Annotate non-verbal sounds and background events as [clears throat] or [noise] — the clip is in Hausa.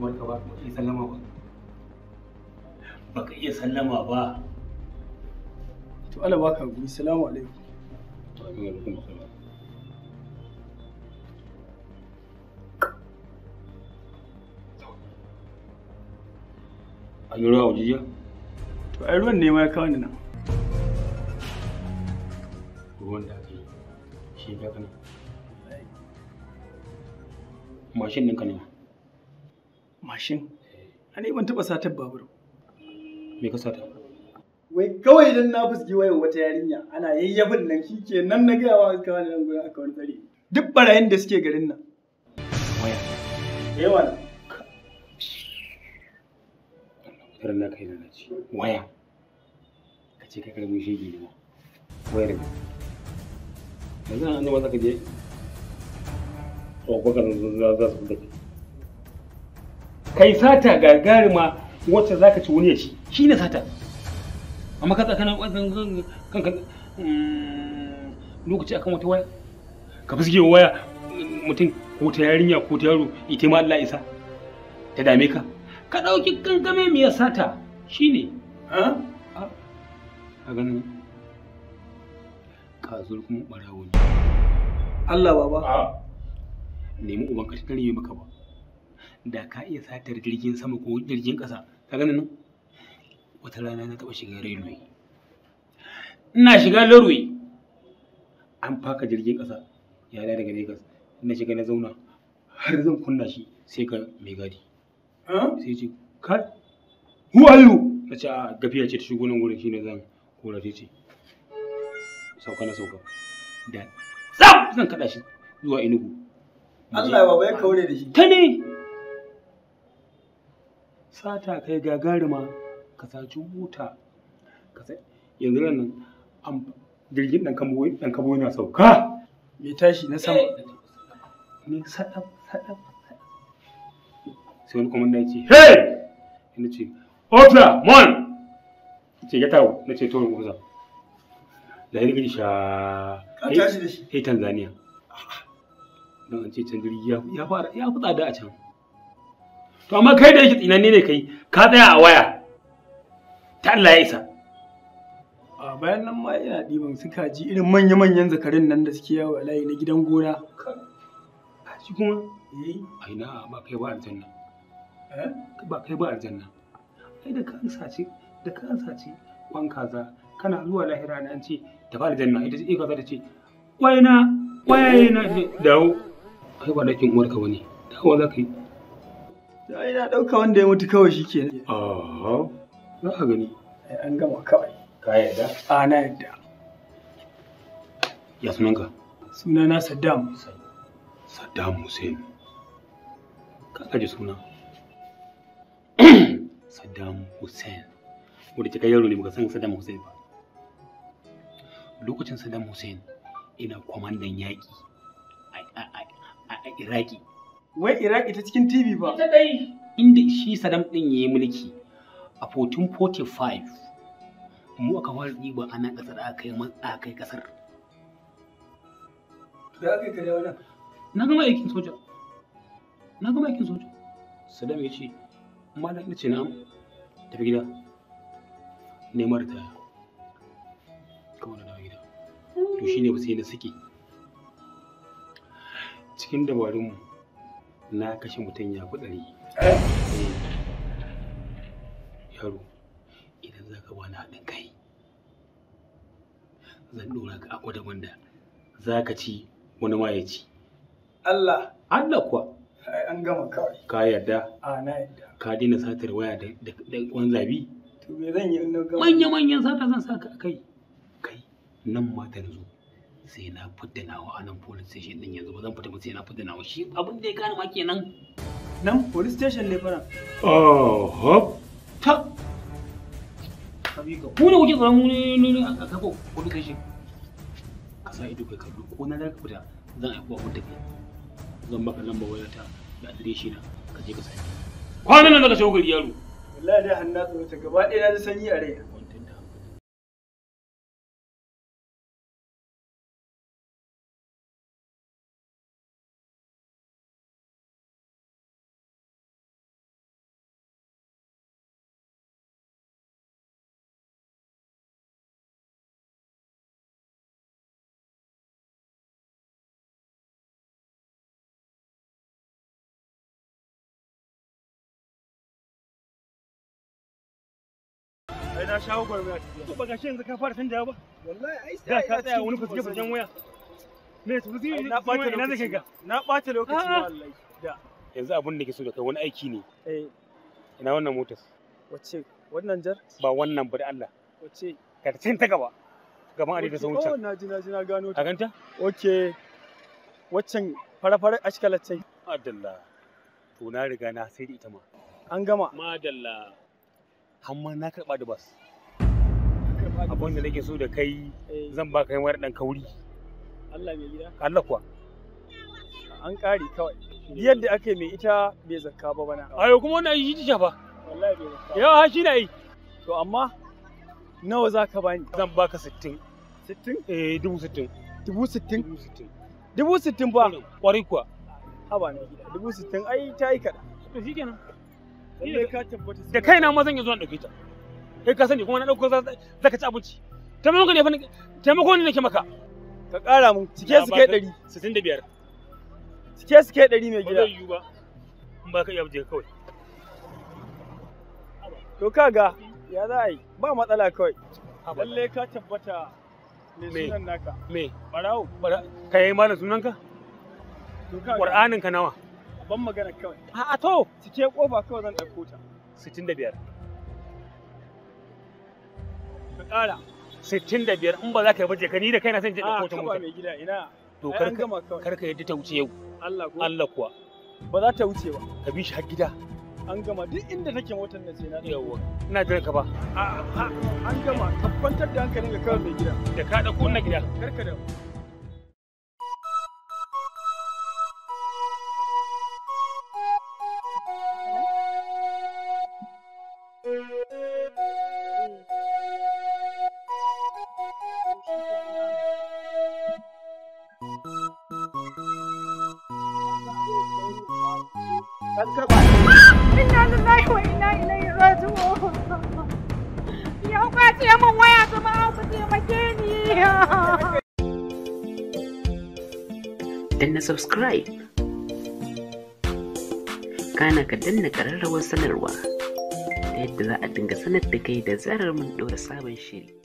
uwarka ba ka iya sallama ba baka iya sallama ba to Allah baka guri salamu alaikum wa alaikum assalam an yi ruwa wajiya to ai ruwan ne ma ya kawo ni nan ruwan da aka shi ya kana mashin ɗinka ne ma Mashin. A ne ban taba satar babur. Me ka sata? Wai kawai idan na fuski waya wata yarinya ana yayyabin nan shi nan na gaya wa kawai wani nan gurin aka wani tsare. Duk barayin da suke garin nan. Waya. Yawa na. Kar na kai na ci. Waya. Ka ce ka karamin shege ne Waya ne. Yanzu an zama za ka je. Tsohon zuwa za su fita. kai sata gagarima wacce za ka ci wani shi shi ne sata amma ka tsakanin kanka mm, lokaci akan wata waya ka fuske waya mutum ko ta yarinya ko ta yaro ita ma Allah isa ta dame ka ka dauki gangame mai sata shi ne a ganin kazur kuma barawo ne Allah baba nemi uban ka ta maka ba da ka iya satar jirgin sama ko jirgin ƙasa ka gani nan wata rana na taɓa shiga railway ina shiga lorway an faka jirgin ƙasa ya da daga Lagos na shiga na zauna har zan kunna shi sai ka mai gadi sai ce ka who are na ce a ah, gafiya ce ta shigo nan shi shine zan kora ce sauka na sauka da zan kada shi zuwa inugu Allah ya baba ya kaure da shi ta ne sata kai gagarima ka saci buta ka sai yanzu nan an jirgin dan kambo dan kambo yana sauka mai tashi na sama ne sadab sadab sai wani komanda ya ce hey ina ce opera mon ce ya tawo na ce to rubuza da ya sha ka tashi da shi eh Tanzania don an ce can jirgi ya fara ya fada da a can to amma kai da yake tsinanne ne kai ka tsaya a waya ta Allah ya isa a bayan nan ma ina ɗiban su ji irin manya-manyan zakarin nan da suke yawo a layi na gidan gona kaji kuma eh ai na ba kai ba aljanna eh ba kai ba aljanna ai da ka sace da ka sace kwan kaza kana zuwa lahira na an ce ta ba aljanna ita ce kaza ta ce kwai na kwai na dawo kai ba nakin uwarka bane dawo za ka yi Da ina ɗauka wanda ya mutu kawai shi ke. Aha, za a gani. An gama kawai. Ka yarda? A na yarda. Ya sunanka? Sunana Saddam Hussein. Saddam Hussein. Ka kaji suna. [clears throat] Saddam Hussein. yaro ne baka san Saddam Hussein ba. Lokacin Saddam Hussein ina kwamandan yaƙi a Iraki. Wai Iraki ta cikin TV ba. Ita dai. Inda shi Saddam ɗin ya yi mulki a 1445 mu aka fara ɗiba ana ƙasar aka yi matsa kai ƙasar. Da aka yi ka dawo Na gama aikin soja. Na gama aikin soja. Saddam ya ce, Malam ce na tafi gida. Neman ta kawai na dawo gida. To shine ba sai na saki. Cikin dabarunmu na kashe mutum ya fi ɗari. Eh. Yaro, idan za ka bani haɗin kai, zan ɗora ka a gwada wanda za ka ci wani ma ya ci. Allah. Allah kuwa. An gama kawai. Ka yarda? A na yarda. Ka daina satar waya da ƙwan zabi? To me zan yi in na gama? Manya-manyan sata zan sa ka a kai. Kai, nan ma ta zo. sai na fidda nawa a nan police station din yanzu ba zan fita ba sai na fidda nawa shi abin da ya kana ma kenan nan police station ne fara oh hop ta sabika ku ne kuke tsaron mu a kafa police station ka sa ido kai kallo ko na da ka fita zan aiki ba kai zan maka lamba wayata da adireshi na ka je ka sai kwanan nan daga shago gari yaro wallahi dai hannu ta gaba ɗaya na sanyi a rai. wallahi na shawo to yanzu ka fara canja ba wallahi ai da ka tsaya wani fuske waya me su na ɓata ga na ɓata lokaci wallahi da yanzu abin da ke so da kai wani aiki ne eh ina wannan motar wacce wannan jar ba wannan ba da Allah wacce ka ta ta gaba gaban ari da sauncin oh naji naji na gano ta ganta okay waccan fara-fara ashkalar ce madalla to na riga na sai da ita ma an gama madalla hamma na karɓa da bas abin da nake so da kai eh. zan baka yin wani ɗan kauri Allah mai gida Allah kuwa an ƙari kawai yadda ake mai ita bai zakka ba bana ayo kuma wannan yi jija ba wallahi bai zakka yawa na yi to amma nawa za ka bani zan baka sittin sittin eh dubu sittin dubu sittin dubu sittin ba kwarai kuwa haba gida dubu sittin ai ta yi kaɗan to shikenan da kaina ma zan iya zuwa ɗauke ta kai ka sani kuma na ɗauko za ka ci abinci taimako ne fa taimako ne nake maka ka ƙara mun cike su kai ɗari sittin da biyar cike su kai ɗari mai gida ba zai yiwu ba in ba ka iya je kawai to ka ga ya za a yi ba matsala kawai lalle ka tabbata me sunan naka me barawo kai yi sunan ka Qur'anin ka nawa ban magana kawai a'a to cike kofa kawai zan ɗauko ta 65 ka ƙara 65 in ba za ka yi baje ka ni da kaina san je ɗauko ta mota mai gida ina to kar ka yadda ta wuce yau Allah kuwa ba za ta wuce ba ka bi shi har gida an gama duk inda nake motar nan sai na yawa ina jiran ka ba an gama tabbatar da hankalin ka kawai mai gida da ka ɗauko na gida kar ka da. dan gaba inna lillahi wa inna ilaihi raji'un ya kwace min waya jama'a ku taimake ni danna subscribe kana ka danna kararrawar sanarwa ta yadda za a dinga sanar da kai da zarar mun ɗora sabon shiri